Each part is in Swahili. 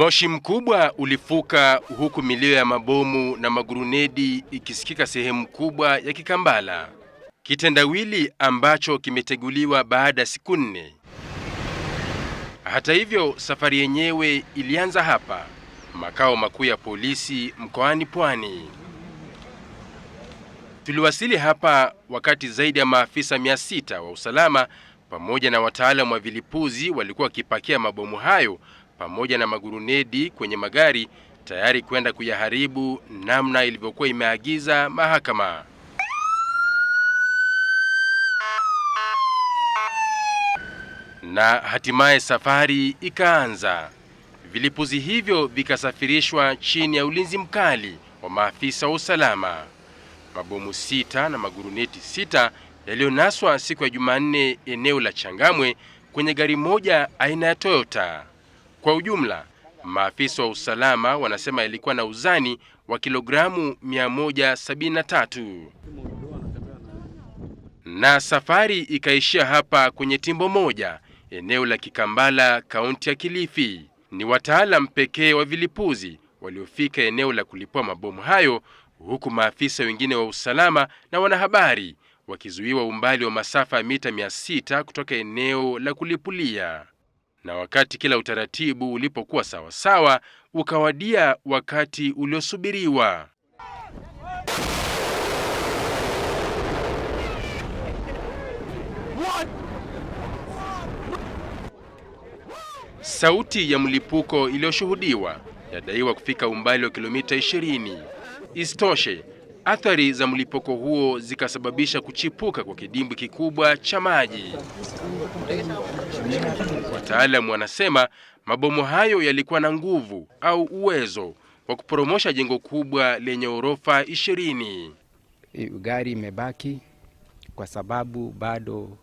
Moshi mkubwa ulifuka huku milio ya mabomu na magurunedi ikisikika sehemu kubwa ya Kikambala, kitendawili ambacho kimeteguliwa baada ya siku nne. Hata hivyo, safari yenyewe ilianza hapa makao makuu ya polisi mkoani Pwani. Tuliwasili hapa wakati zaidi ya maafisa mia sita wa usalama pamoja na wataalamu wa vilipuzi walikuwa wakipakia mabomu hayo pamoja na magurunedi kwenye magari tayari kwenda kuyaharibu namna ilivyokuwa imeagiza mahakama. Na hatimaye safari ikaanza. Vilipuzi hivyo vikasafirishwa chini ya ulinzi mkali wa maafisa wa usalama. Mabomu sita na maguruneti sita yaliyonaswa siku ya Jumanne eneo la Changamwe kwenye gari moja aina ya Toyota. Kwa ujumla, maafisa wa usalama wanasema ilikuwa na uzani wa kilogramu 173 na safari ikaishia hapa kwenye timbo moja eneo la Kikambala, kaunti ya Kilifi. Ni wataalam pekee wa vilipuzi waliofika eneo la kulipua mabomu hayo, huku maafisa wengine wa usalama na wanahabari wakizuiwa umbali wa masafa ya mita 600 kutoka eneo la kulipulia na wakati kila utaratibu ulipokuwa sawasawa, ukawadia wakati uliosubiriwa. Sauti ya mlipuko iliyoshuhudiwa yadaiwa kufika umbali wa kilomita 20. Isitoshe, Athari za mlipuko huo zikasababisha kuchipuka kwa kidimbwi kikubwa cha maji. Wataalamu wanasema mabomu hayo yalikuwa na nguvu au uwezo wa kuporomosha jengo kubwa lenye ghorofa ishirini. Gari imebaki kwa sababu bado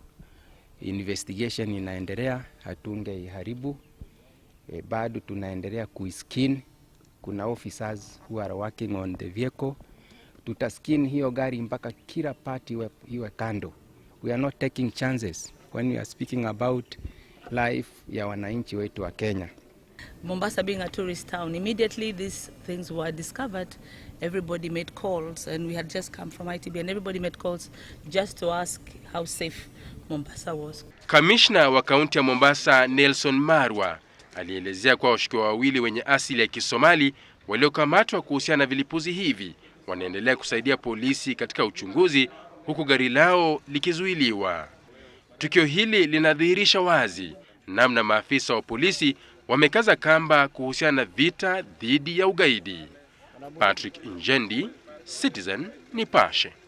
investigation inaendelea, hatunge iharibu e, bado tunaendelea kuiskin. Kuna officers who are working on the vehicle tutaskin hiyo gari mpaka kila pati iwe kando. We are not taking chances when we are speaking about life ya wananchi wetu wa Kenya. Mombasa being a tourist town, immediately these things were discovered. Everybody made calls and we had just come from ITB and everybody made calls just to ask how safe Mombasa was. Kamishna wa kaunti ya Mombasa Nelson Marwa alielezea kuwa washukiwa wawili wenye asili ya Kisomali waliokamatwa kuhusiana na vilipuzi hivi wanaendelea kusaidia polisi katika uchunguzi huku gari lao likizuiliwa. Tukio hili linadhihirisha wazi namna maafisa wa polisi wamekaza kamba kuhusiana na vita dhidi ya ugaidi. Patrick Njendi, Citizen Nipashe.